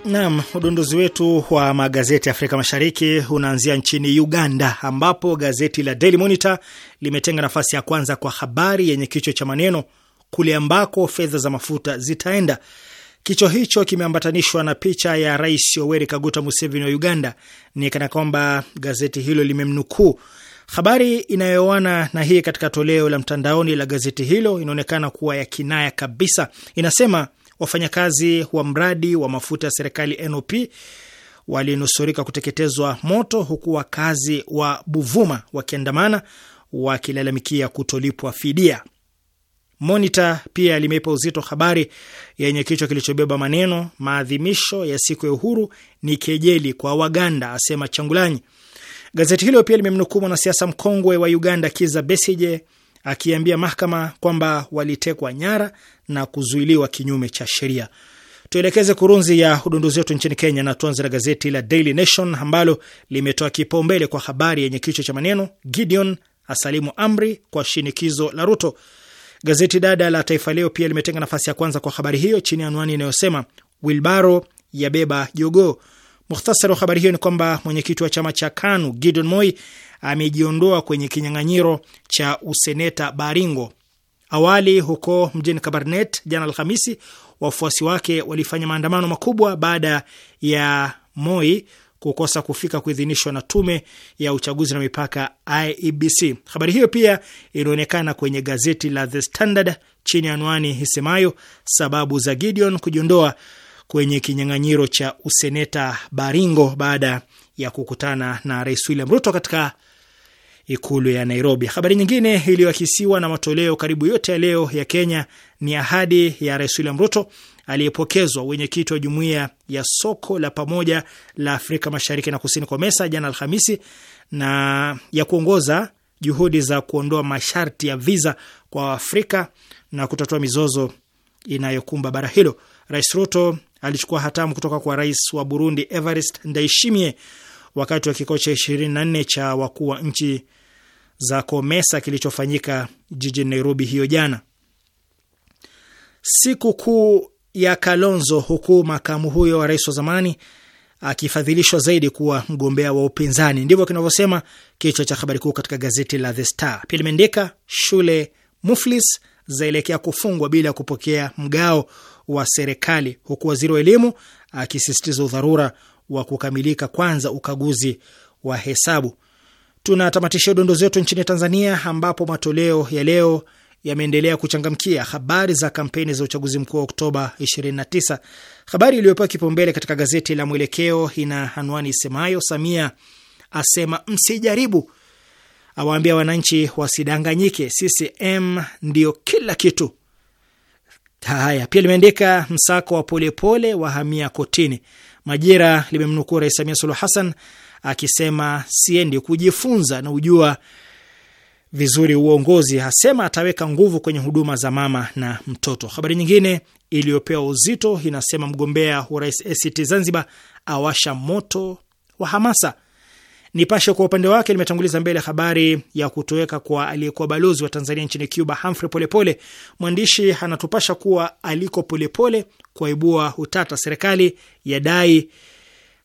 Naam, udondozi wetu wa magazeti ya Afrika Mashariki unaanzia nchini Uganda, ambapo gazeti la Daily Monitor limetenga nafasi ya kwanza kwa habari yenye kichwa cha maneno kule ambako fedha za mafuta zitaenda. Kichwa hicho kimeambatanishwa na picha ya Rais Yoweri Kaguta Museveni wa Uganda, ni kana kwamba gazeti hilo limemnukuu. Habari inayoana na hii katika toleo la mtandaoni la gazeti hilo inaonekana kuwa ya kinaya kabisa. Inasema Wafanyakazi wa mradi wa mafuta ya serikali NOP walinusurika kuteketezwa moto, huku wakazi wa Buvuma wakiandamana wakilalamikia kutolipwa fidia. Monitor pia limeipa uzito habari yenye kichwa kilichobeba maneno maadhimisho ya siku ya uhuru ni kejeli kwa Waganda, asema Changulanyi. Gazeti hilo pia limemnukuu mwanasiasa mkongwe wa Uganda Kiza Besije akiambia mahakama kwamba walitekwa nyara na kuzuiliwa kinyume cha sheria. Tuelekeze kurunzi ya udunduzi wetu nchini Kenya na tuanze na gazeti la Daily Nation ambalo limetoa kipaumbele kwa habari yenye kichwa cha maneno Gideon asalimu amri kwa shinikizo la Ruto. Gazeti dada la Taifa Leo pia limetenga nafasi ya kwanza kwa habari hiyo chini ya anwani inayosema wilbaro yabeba jogoo muhtasari wa habari hiyo ni kwamba mwenyekiti wa chama cha KANU Gideon Moi amejiondoa kwenye kinyang'anyiro cha useneta Baringo. Awali huko mjini Kabarnet jana Alhamisi, wafuasi wake walifanya maandamano makubwa baada ya Moi kukosa kufika kuidhinishwa na tume ya uchaguzi na mipaka IEBC. Habari hiyo pia ilionekana kwenye gazeti la The Standard chini ya anwani isemayo sababu za Gideon kujiondoa kwenye kinyang'anyiro cha useneta Baringo baada ya kukutana na Rais William Ruto katika ikulu ya Nairobi. Habari nyingine iliyoakisiwa na matoleo karibu yote ya leo ya Kenya ni ahadi ya Rais William Ruto aliyepokezwa wenyekiti wa jumuiya ya soko la pamoja la Afrika Mashariki na Kusini kwa mesa jana Alhamisi, na ya kuongoza juhudi za kuondoa masharti ya viza kwa Waafrika na kutatua mizozo inayokumba bara hilo. Rais Ruto alichukua hatamu kutoka kwa rais wa Burundi Evarist Ndaishimie wakati wa kikao cha 24 cha wakuu wa nchi za Komesa kilichofanyika jijini Nairobi hiyo jana. Siku kuu ya Kalonzo, huku makamu huyo wa rais wa zamani akifadhilishwa zaidi kuwa mgombea wa upinzani. Ndivyo kinavyosema kichwa cha habari kuu katika gazeti la The Star. Pia limeandika shule muflis zaelekea kufungwa bila ya kupokea mgao wa serikali, huku waziri wa elimu akisisitiza udharura wa kukamilika kwanza ukaguzi wa hesabu. Tunatamatisha dondo zetu nchini Tanzania, ambapo matoleo ya leo yameendelea kuchangamkia habari za kampeni za uchaguzi mkuu wa Oktoba 29. Habari iliyopewa kipaumbele katika gazeti la Mwelekeo ina anwani isemayo, Samia asema msijaribu, awaambia wananchi wasidanganyike, CCM ndio kila kitu. Haya pia limeandika msako wa polepole wa hamia kotini. Majira limemnukuu Rais Samia Suluhu Hassan akisema siendi kujifunza na ujua vizuri uongozi, asema ataweka nguvu kwenye huduma za mama na mtoto. Habari nyingine iliyopewa uzito inasema mgombea wa rais ACT Zanzibar awasha moto wa hamasa Nipashe kwa upande wake limetanguliza mbele habari ya kutoweka kwa aliyekuwa balozi wa Tanzania nchini Cuba, Humphrey Polepole. Mwandishi anatupasha kuwa aliko Polepole kuaibua utata, serikali ya dai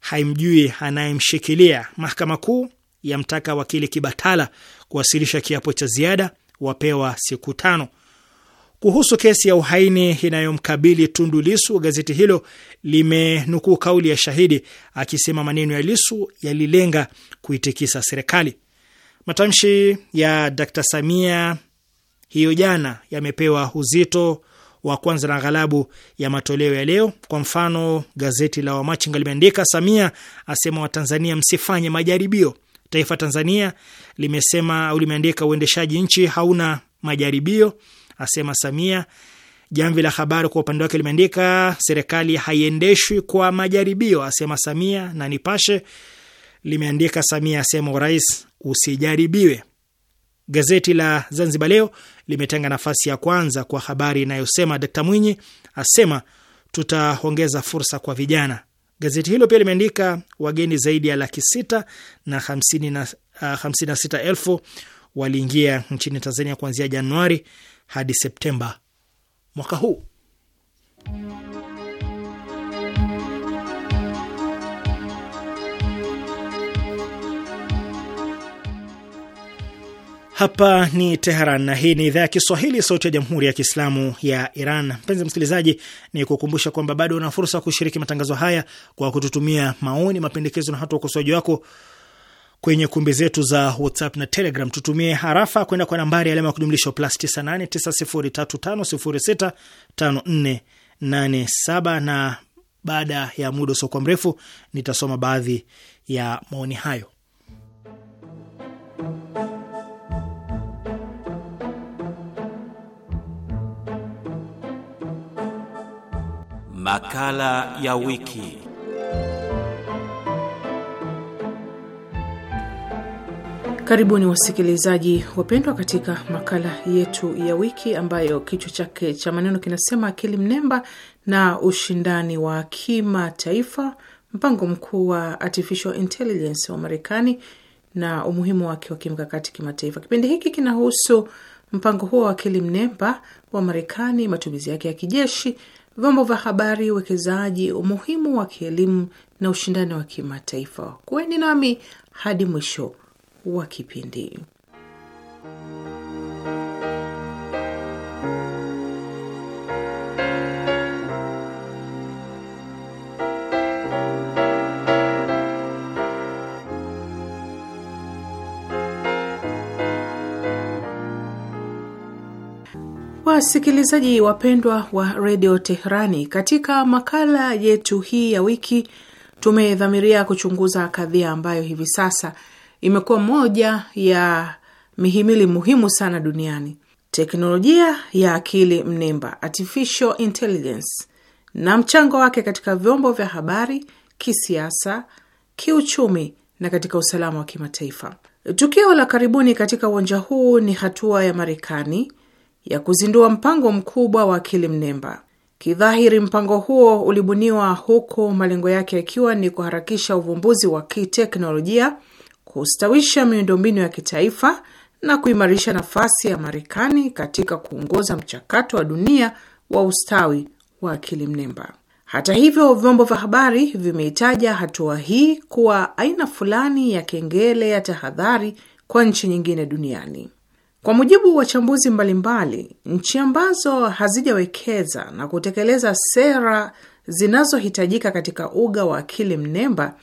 haimjui anayemshikilia. Mahakama Kuu yamtaka wakili Kibatala kuwasilisha kiapo cha ziada, wapewa siku tano. Kuhusu kesi ya uhaini inayomkabili Tundu Lisu, gazeti hilo limenukuu kauli ya shahidi akisema maneno ya Lisu yalilenga kuitikisa serikali. Matamshi ya Dkt Samia hiyo jana yamepewa uzito wa kwanza na ghalabu ya matoleo ya leo. Kwa mfano, gazeti la Wamachinga limeandika Samia asema Watanzania msifanye majaribio. Taifa Tanzania limesema au limeandika uendeshaji nchi hauna majaribio asema Samia. Jamvi la Habari kwa upande wake limeandika serikali haiendeshwi kwa majaribio, asema Samia, na Nipashe limeandika Samia asema urais usijaribiwe. Gazeti la Zanzibar Leo limetenga nafasi ya kwanza kwa habari inayosema Dkt Mwinyi asema tutaongeza fursa kwa vijana. Gazeti hilo pia limeandika wageni zaidi ya laki sita na hamsini na ah, sita elfu waliingia nchini Tanzania kuanzia Januari hadi Septemba mwaka huu. Hapa ni Teheran na hii ni idhaa ya Kiswahili, sauti ya jamhuri ya kiislamu ya Iran. Mpenzi msikilizaji, ni kukumbusha kwamba bado una fursa kushiriki matangazo haya kwa kututumia maoni, mapendekezo na hata ukosoaji wako kwenye kumbi zetu za WhatsApp na Telegram. Tutumie harafa kwenda kwa nambari alama ya kujumlisha plus 989035065487 na baada ya muda usiokuwa mrefu nitasoma baadhi ya maoni hayo. Makala ya wiki.
Karibuni wasikilizaji wapendwa, katika makala yetu ya wiki ambayo kichwa chake cha maneno kinasema akili mnemba na ushindani wa kimataifa, mpango mkuu wa artificial intelligence wa Marekani na umuhimu wake wa kimkakati kimataifa. Kipindi hiki kinahusu mpango huo wa akili mnemba wa Marekani, matumizi yake ya kijeshi, vyombo vya habari, uwekezaji, umuhimu wa kielimu na ushindani wa kimataifa. Kuweni nami hadi mwisho wa kipindi. Wasikilizaji wapendwa wa redio Teherani, katika makala yetu hii ya wiki tumedhamiria kuchunguza kadhia ambayo hivi sasa imekuwa moja ya mihimili muhimu sana duniani. Teknolojia ya akili mnemba, artificial intelligence, na mchango wake katika vyombo vya habari, kisiasa, kiuchumi na katika usalama wa kimataifa. Tukio la karibuni katika uwanja huu ni hatua ya Marekani ya kuzindua mpango mkubwa wa akili mnemba. Kidhahiri, mpango huo ulibuniwa huku malengo yake yakiwa ni kuharakisha uvumbuzi wa kiteknolojia kustawisha miundombinu ya kitaifa na kuimarisha nafasi ya Marekani katika kuongoza mchakato wa dunia wa ustawi wa akili mnemba. Hata hivyo, vyombo vya habari vimeitaja hatua hii kuwa aina fulani ya kengele ya tahadhari kwa nchi nyingine duniani. Kwa mujibu wa wachambuzi mbalimbali, nchi ambazo hazijawekeza na kutekeleza sera zinazohitajika katika uga wa akili mnemba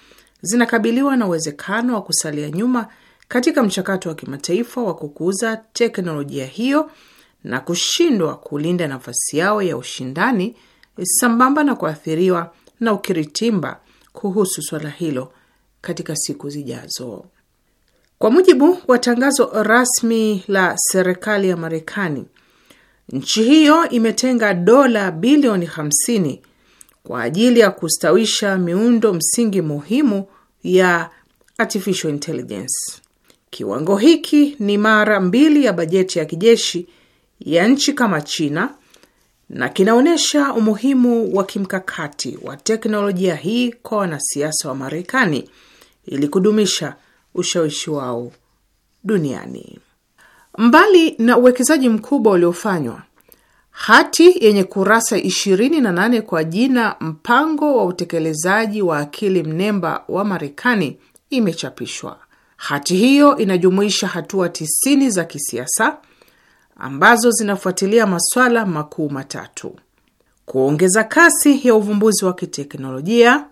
zinakabiliwa na uwezekano wa kusalia nyuma katika mchakato wa kimataifa wa kukuza teknolojia hiyo na kushindwa kulinda nafasi yao ya ushindani sambamba na kuathiriwa na ukiritimba kuhusu swala hilo katika siku zijazo. Kwa mujibu wa tangazo rasmi la serikali ya Marekani, nchi hiyo imetenga dola bilioni kwa ajili ya kustawisha miundo msingi muhimu ya artificial intelligence. Kiwango hiki ni mara mbili ya bajeti ya kijeshi ya nchi kama China na kinaonyesha umuhimu wa kimkakati wa teknolojia hii kwa wanasiasa wa Marekani ili kudumisha ushawishi wao duniani. Mbali na uwekezaji mkubwa uliofanywa hati yenye kurasa 28 kwa jina mpango wa utekelezaji wa akili mnemba wa Marekani imechapishwa. Hati hiyo inajumuisha hatua tisini za kisiasa ambazo zinafuatilia maswala makuu matatu: kuongeza kasi ya uvumbuzi wa kiteknolojia;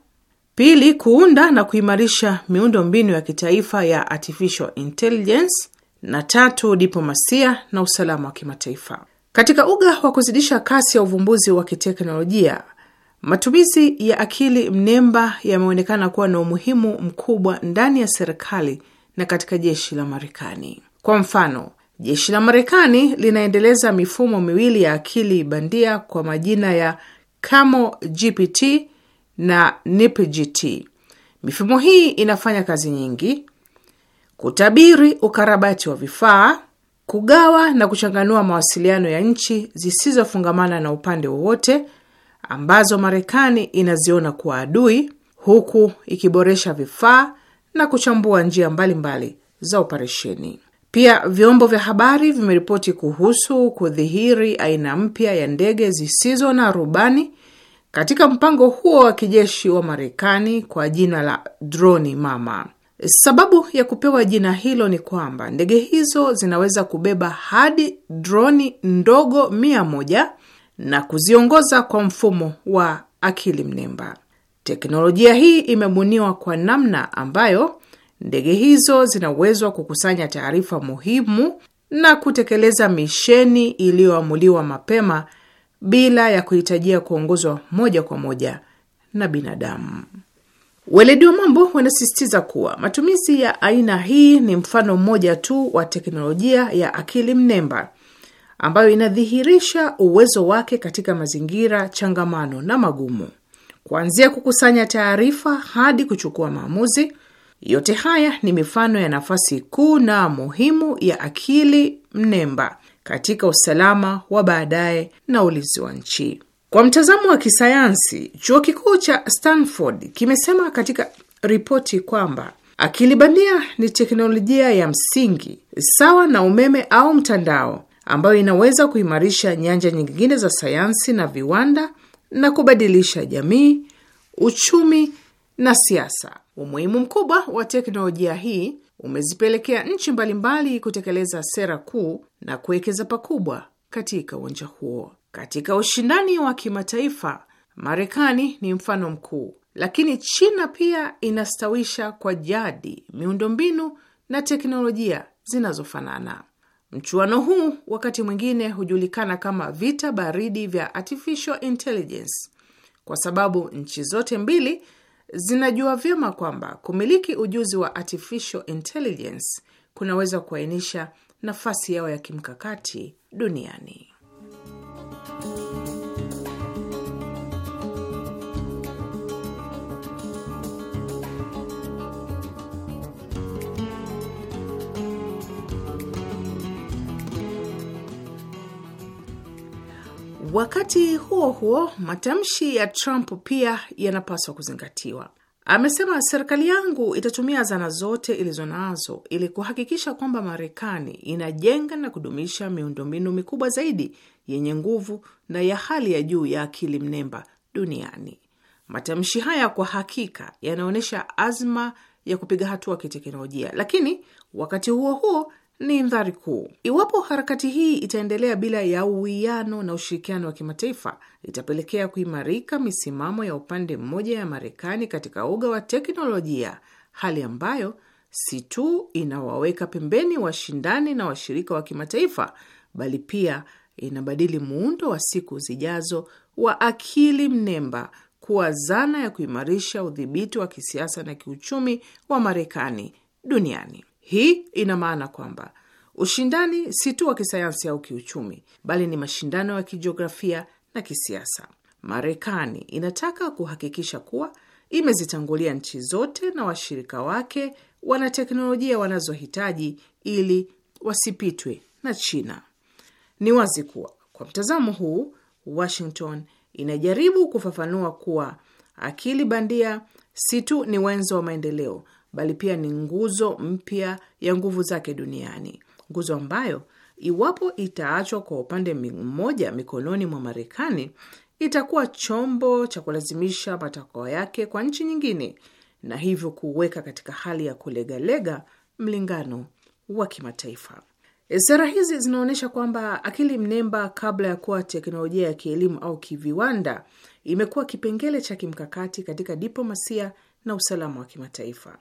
pili, kuunda na kuimarisha miundo mbinu ya kitaifa ya artificial intelligence; na tatu, diplomasia na usalama wa kimataifa. Katika uga wa kuzidisha kasi ya uvumbuzi wa kiteknolojia, matumizi ya akili mnemba yameonekana kuwa na umuhimu mkubwa ndani ya serikali na katika jeshi la Marekani. Kwa mfano, jeshi la Marekani linaendeleza mifumo miwili ya akili bandia kwa majina ya Kamo GPT na NipGT. Mifumo hii inafanya kazi nyingi: kutabiri ukarabati wa vifaa kugawa na kuchanganua mawasiliano ya nchi zisizofungamana na upande wowote ambazo Marekani inaziona kuwa adui, huku ikiboresha vifaa na kuchambua njia mbalimbali mbali za operesheni. Pia vyombo vya habari vimeripoti kuhusu kudhihiri aina mpya ya ndege zisizo na rubani katika mpango huo wa kijeshi wa Marekani kwa jina la droni mama. Sababu ya kupewa jina hilo ni kwamba ndege hizo zinaweza kubeba hadi droni ndogo mia moja na kuziongoza kwa mfumo wa akili mnemba. Teknolojia hii imebuniwa kwa namna ambayo ndege hizo zina uwezo wa kukusanya taarifa muhimu na kutekeleza misheni iliyoamuliwa mapema bila ya kuhitajia kuongozwa moja kwa moja na binadamu. Weledi wa mambo wanasisitiza kuwa matumizi ya aina hii ni mfano mmoja tu wa teknolojia ya akili mnemba ambayo inadhihirisha uwezo wake katika mazingira changamano na magumu, kuanzia kukusanya taarifa hadi kuchukua maamuzi. Yote haya ni mifano ya nafasi kuu na muhimu ya akili mnemba katika usalama wa baadaye na ulinzi wa nchi. Kwa mtazamo wa kisayansi, chuo kikuu cha Stanford kimesema katika ripoti kwamba akili bandia ni teknolojia ya msingi sawa na umeme au mtandao ambayo inaweza kuimarisha nyanja nyingine za sayansi na viwanda na kubadilisha jamii, uchumi na siasa. Umuhimu mkubwa wa teknolojia hii umezipelekea nchi mbalimbali kutekeleza sera kuu na kuwekeza pakubwa katika uwanja huo. Katika ushindani wa kimataifa, Marekani ni mfano mkuu, lakini China pia inastawisha kwa jadi miundombinu na teknolojia zinazofanana. Mchuano huu wakati mwingine hujulikana kama vita baridi vya artificial intelligence, kwa sababu nchi zote mbili zinajua vyema kwamba kumiliki ujuzi wa artificial intelligence kunaweza kuainisha nafasi yao ya kimkakati duniani. Wakati huo huo, matamshi ya Trump pia yanapaswa kuzingatiwa. Amesema serikali yangu itatumia zana zote ilizo nazo ili kuhakikisha kwamba Marekani inajenga na kudumisha miundombinu mikubwa zaidi yenye nguvu na ya hali ya juu ya akili mnemba duniani. Matamshi haya kwa hakika yanaonyesha azma ya kupiga hatua kiteknolojia, lakini wakati huo huo ni ndhari kuu. Iwapo harakati hii itaendelea bila ya uwiano na ushirikiano wa kimataifa, itapelekea kuimarika misimamo ya upande mmoja ya Marekani katika uga wa teknolojia, hali ambayo si tu inawaweka pembeni washindani na washirika wa kimataifa, bali pia inabadili muundo wa siku zijazo wa akili mnemba kuwa zana ya kuimarisha udhibiti wa kisiasa na kiuchumi wa Marekani duniani. Hii ina maana kwamba ushindani si tu wa kisayansi au kiuchumi, bali ni mashindano ya kijiografia na kisiasa. Marekani inataka kuhakikisha kuwa imezitangulia nchi zote na washirika wake wana teknolojia wanazohitaji ili wasipitwe na China. Ni wazi kuwa kwa mtazamo huu, Washington inajaribu kufafanua kuwa akili bandia si tu ni wenzo wa maendeleo, bali pia ni nguzo mpya ya nguvu zake duniani, nguzo ambayo iwapo itaachwa kwa upande mmoja mikononi mwa Marekani itakuwa chombo cha kulazimisha matakwa yake kwa nchi nyingine na hivyo kuweka katika hali ya kulegalega mlingano wa kimataifa. E, sera hizi zinaonyesha kwamba akili mnemba, kabla ya kuwa teknolojia ya kielimu au kiviwanda, imekuwa kipengele cha kimkakati katika diplomasia na usalama wa kimataifa.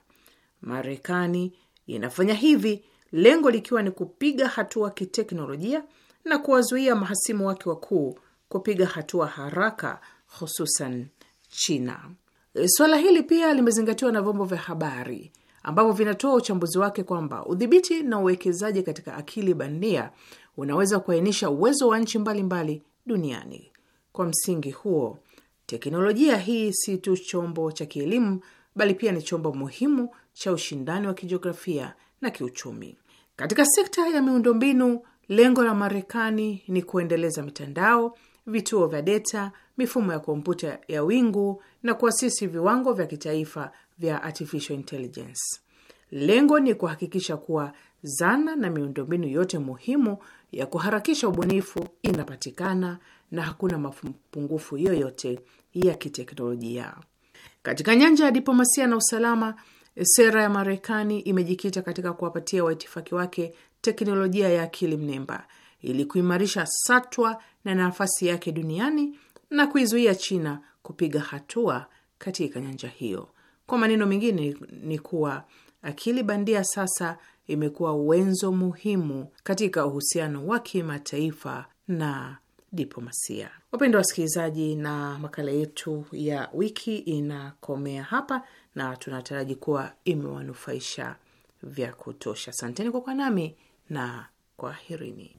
Marekani inafanya hivi, lengo likiwa ni kupiga hatua kiteknolojia na kuwazuia mahasimu wake wakuu kupiga hatua haraka, hususan China. E, Suala hili pia limezingatiwa na vyombo vya habari ambavyo vinatoa uchambuzi wake kwamba udhibiti na uwekezaji katika akili bandia unaweza kuainisha uwezo wa nchi mbalimbali duniani. Kwa msingi huo, teknolojia hii si tu chombo cha kielimu, bali pia ni chombo muhimu cha ushindani wa kijiografia na kiuchumi. Katika sekta ya miundombinu, lengo la Marekani ni kuendeleza mitandao, vituo vya deta, mifumo ya kompyuta ya wingu na kuasisi viwango vya kitaifa vya artificial intelligence. Lengo ni kuhakikisha kuwa zana na miundombinu yote muhimu ya kuharakisha ubunifu inapatikana na hakuna mapungufu yoyote ya kiteknolojia. Katika nyanja ya diplomasia na usalama, sera ya Marekani imejikita katika kuwapatia waitifaki wake teknolojia ya akili mnemba ili kuimarisha satwa na nafasi yake duniani na kuizuia China kupiga hatua katika nyanja hiyo. Kwa maneno mengine ni kuwa akili bandia sasa imekuwa wenzo muhimu katika uhusiano wa kimataifa na diplomasia. Wapendwa wasikilizaji, na makala yetu ya wiki inakomea hapa, na tunataraji kuwa imewanufaisha vya kutosha. Asanteni kwa kuwa nami na kwaherini.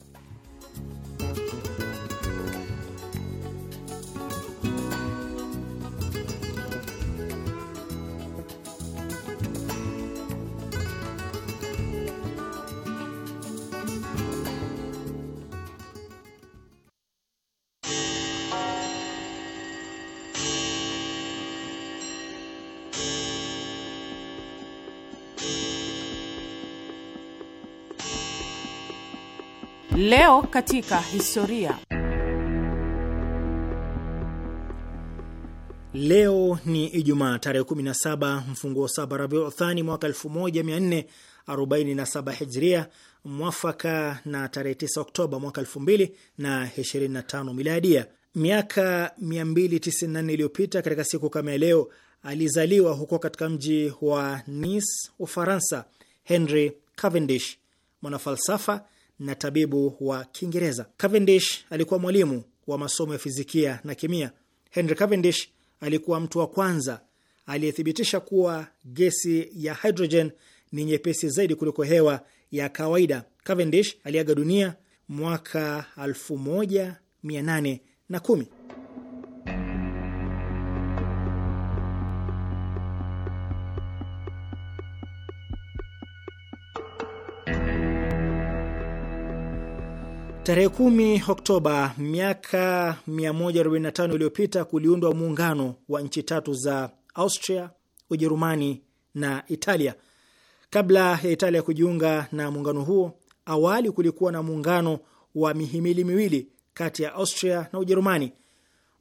Leo katika historia.
Leo ni Ijumaa tarehe 17 mfunguo saba Rabiul mwaka 1447 Hijria, mwafaka na tarehe 9 Oktoba mwaka 2025 Miladia. Miaka 294 iliyopita katika siku kama ya leo alizaliwa huko katika mji wa Nice, Ufaransa, Henry Cavendish, mwanafalsafa na tabibu wa Kiingereza. Cavendish alikuwa mwalimu wa masomo ya fizikia na kimia. Henry Cavendish alikuwa mtu wa kwanza aliyethibitisha kuwa gesi ya hydrogen ni nyepesi zaidi kuliko hewa ya kawaida. Cavendish aliaga dunia mwaka 1810. Tarehe 10 Oktoba miaka 145 iliyopita kuliundwa muungano wa nchi tatu za Austria, Ujerumani na Italia. Kabla ya Italia kujiunga na muungano huo, awali kulikuwa na muungano wa mihimili miwili kati ya Austria na Ujerumani.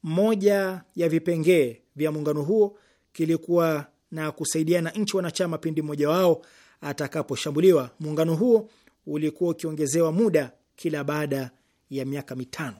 Moja ya vipengee vya muungano huo kilikuwa na kusaidiana nchi wanachama pindi mmoja wao atakaposhambuliwa. Muungano huo ulikuwa ukiongezewa muda kila baada ya miaka mitano.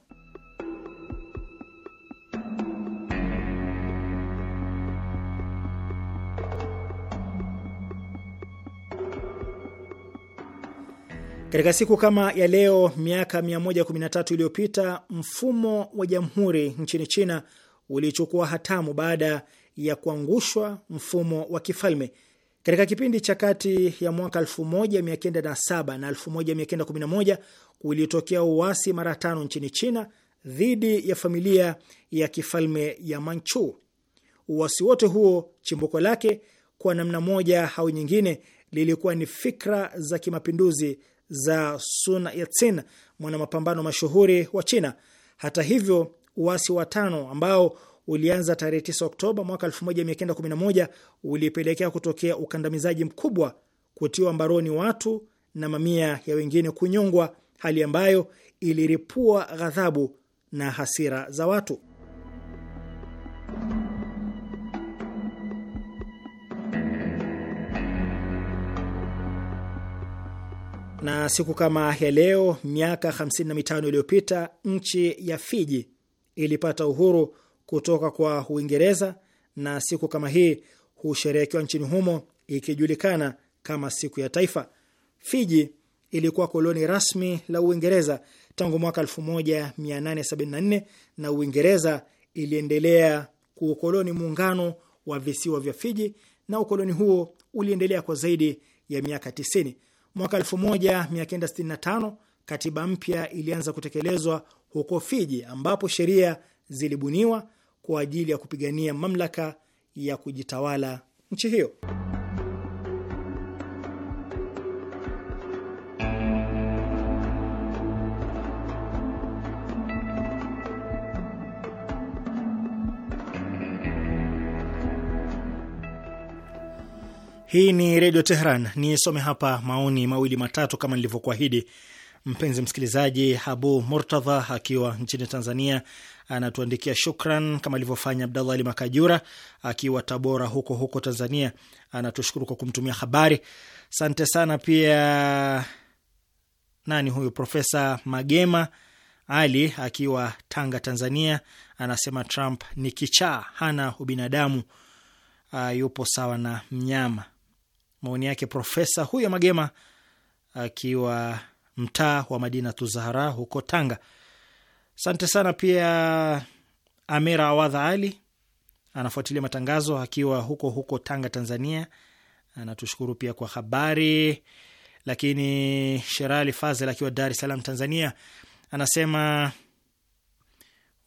Katika siku kama ya leo miaka 113 iliyopita mfumo wa jamhuri nchini China ulichukua hatamu baada ya kuangushwa mfumo wa kifalme. Katika kipindi cha kati ya mwaka 1907 na 1911 ulitokea uasi mara tano nchini China dhidi ya familia ya kifalme ya Manchu. Uasi wote huo chimbuko lake kwa namna moja au nyingine lilikuwa ni fikra za kimapinduzi za Sun Yat-sen, mwanamapambano mashuhuri wa China. Hata hivyo, uasi wa tano ambao ulianza tarehe 9 Oktoba mwaka 1911 ulipelekea kutokea ukandamizaji mkubwa, kutiwa mbaroni watu na mamia ya wengine kunyongwa hali ambayo iliripua ghadhabu na hasira za watu. Na siku kama ya leo miaka 55 iliyopita nchi ya Fiji ilipata uhuru kutoka kwa Uingereza, na siku kama hii husherehekewa nchini humo ikijulikana kama siku ya taifa. Fiji ilikuwa koloni rasmi la Uingereza tangu mwaka 1874 na Uingereza iliendelea kuukoloni muungano wa visiwa vya Fiji na ukoloni huo uliendelea kwa zaidi ya miaka 90. Mwaka 1965 katiba mpya ilianza kutekelezwa huko Fiji, ambapo sheria zilibuniwa kwa ajili ya kupigania mamlaka ya kujitawala nchi hiyo. Hii ni Redio Tehran. Nisome hapa maoni mawili matatu kama nilivyokuahidi. Mpenzi msikilizaji Abu Murtadha akiwa nchini Tanzania anatuandikia shukran, kama alivyofanya Abdallah Ali Makajura akiwa Tabora huko huko Tanzania, anatushukuru kwa kumtumia habari. Sante sana pia. Nani huyu? Profesa Magema Ali akiwa Tanga, Tanzania, anasema Trump ni kichaa, hana ubinadamu, uh, yupo sawa na mnyama maoni yake profesa huyo Magema akiwa mtaa wa Madina Tuzahara huko Tanga. Asante sana pia Amira Awadha Ali anafuatilia matangazo akiwa huko huko Tanga, Tanzania. Anatushukuru pia kwa habari. Lakini Sherali Fazel akiwa Dar es Salaam, Tanzania, anasema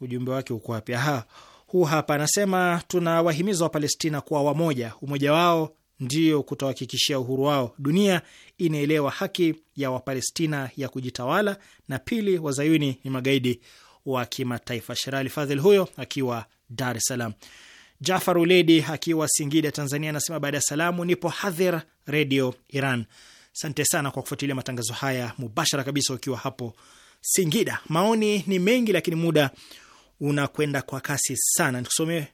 ujumbe wake uko wapi? Aha, huu hapa. Anasema tunawahimiza Wapalestina kuwa wamoja, umoja wao ndio kutawahakikishia uhuru wao. Dunia inaelewa haki ya Wapalestina ya kujitawala, na pili, wazayuni ni magaidi wa kimataifa. Sherali Fadhil huyo akiwa Dar es Salaam. Jafar Uledi akiwa Singida, Tanzania, anasema baada ya salamu, nipo hadhir Redio Iran. sante sana kwa kufuatilia matangazo haya mubashara kabisa ukiwa hapo Singida. Maoni ni mengi, lakini muda unakwenda kwa kasi sana. Nikusomee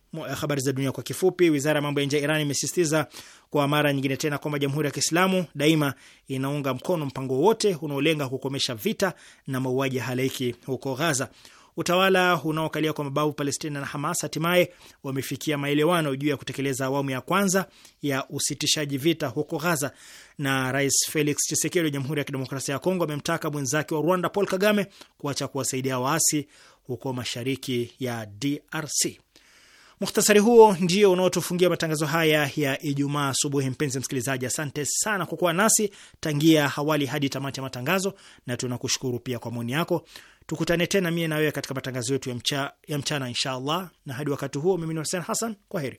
habari za dunia kwa kifupi. Wizara ya mambo ya nje ya Iran imesisitiza kwa mara nyingine tena kwamba Jamhuri ya Kiislamu daima inaunga mkono mpango wowote unaolenga kukomesha vita na mauaji ya halaiki huko Ghaza. Utawala unaokalia kwa mabavu Palestina na Hamas hatimaye wamefikia maelewano juu ya kutekeleza awamu ya kwanza ya usitishaji vita huko Ghaza, na Rais Felix Tshisekedi wa Jamhuri ya Kidemokrasia ya Kongo amemtaka mwenzake wa Rwanda Paul Kagame kuacha kuwasaidia waasi huko mashariki ya DRC. Mukhtasari huo ndio unaotufungia matangazo haya ya Ijumaa asubuhi. Mpenzi msikilizaji, asante sana kwa kuwa nasi tangia awali hadi tamati ya matangazo, na tunakushukuru pia kwa maoni yako. Tukutane tena mie na wewe katika matangazo yetu ya, mcha, ya mchana insha allah, na hadi wakati huo, mimi ni Hussein Hassan, kwa heri.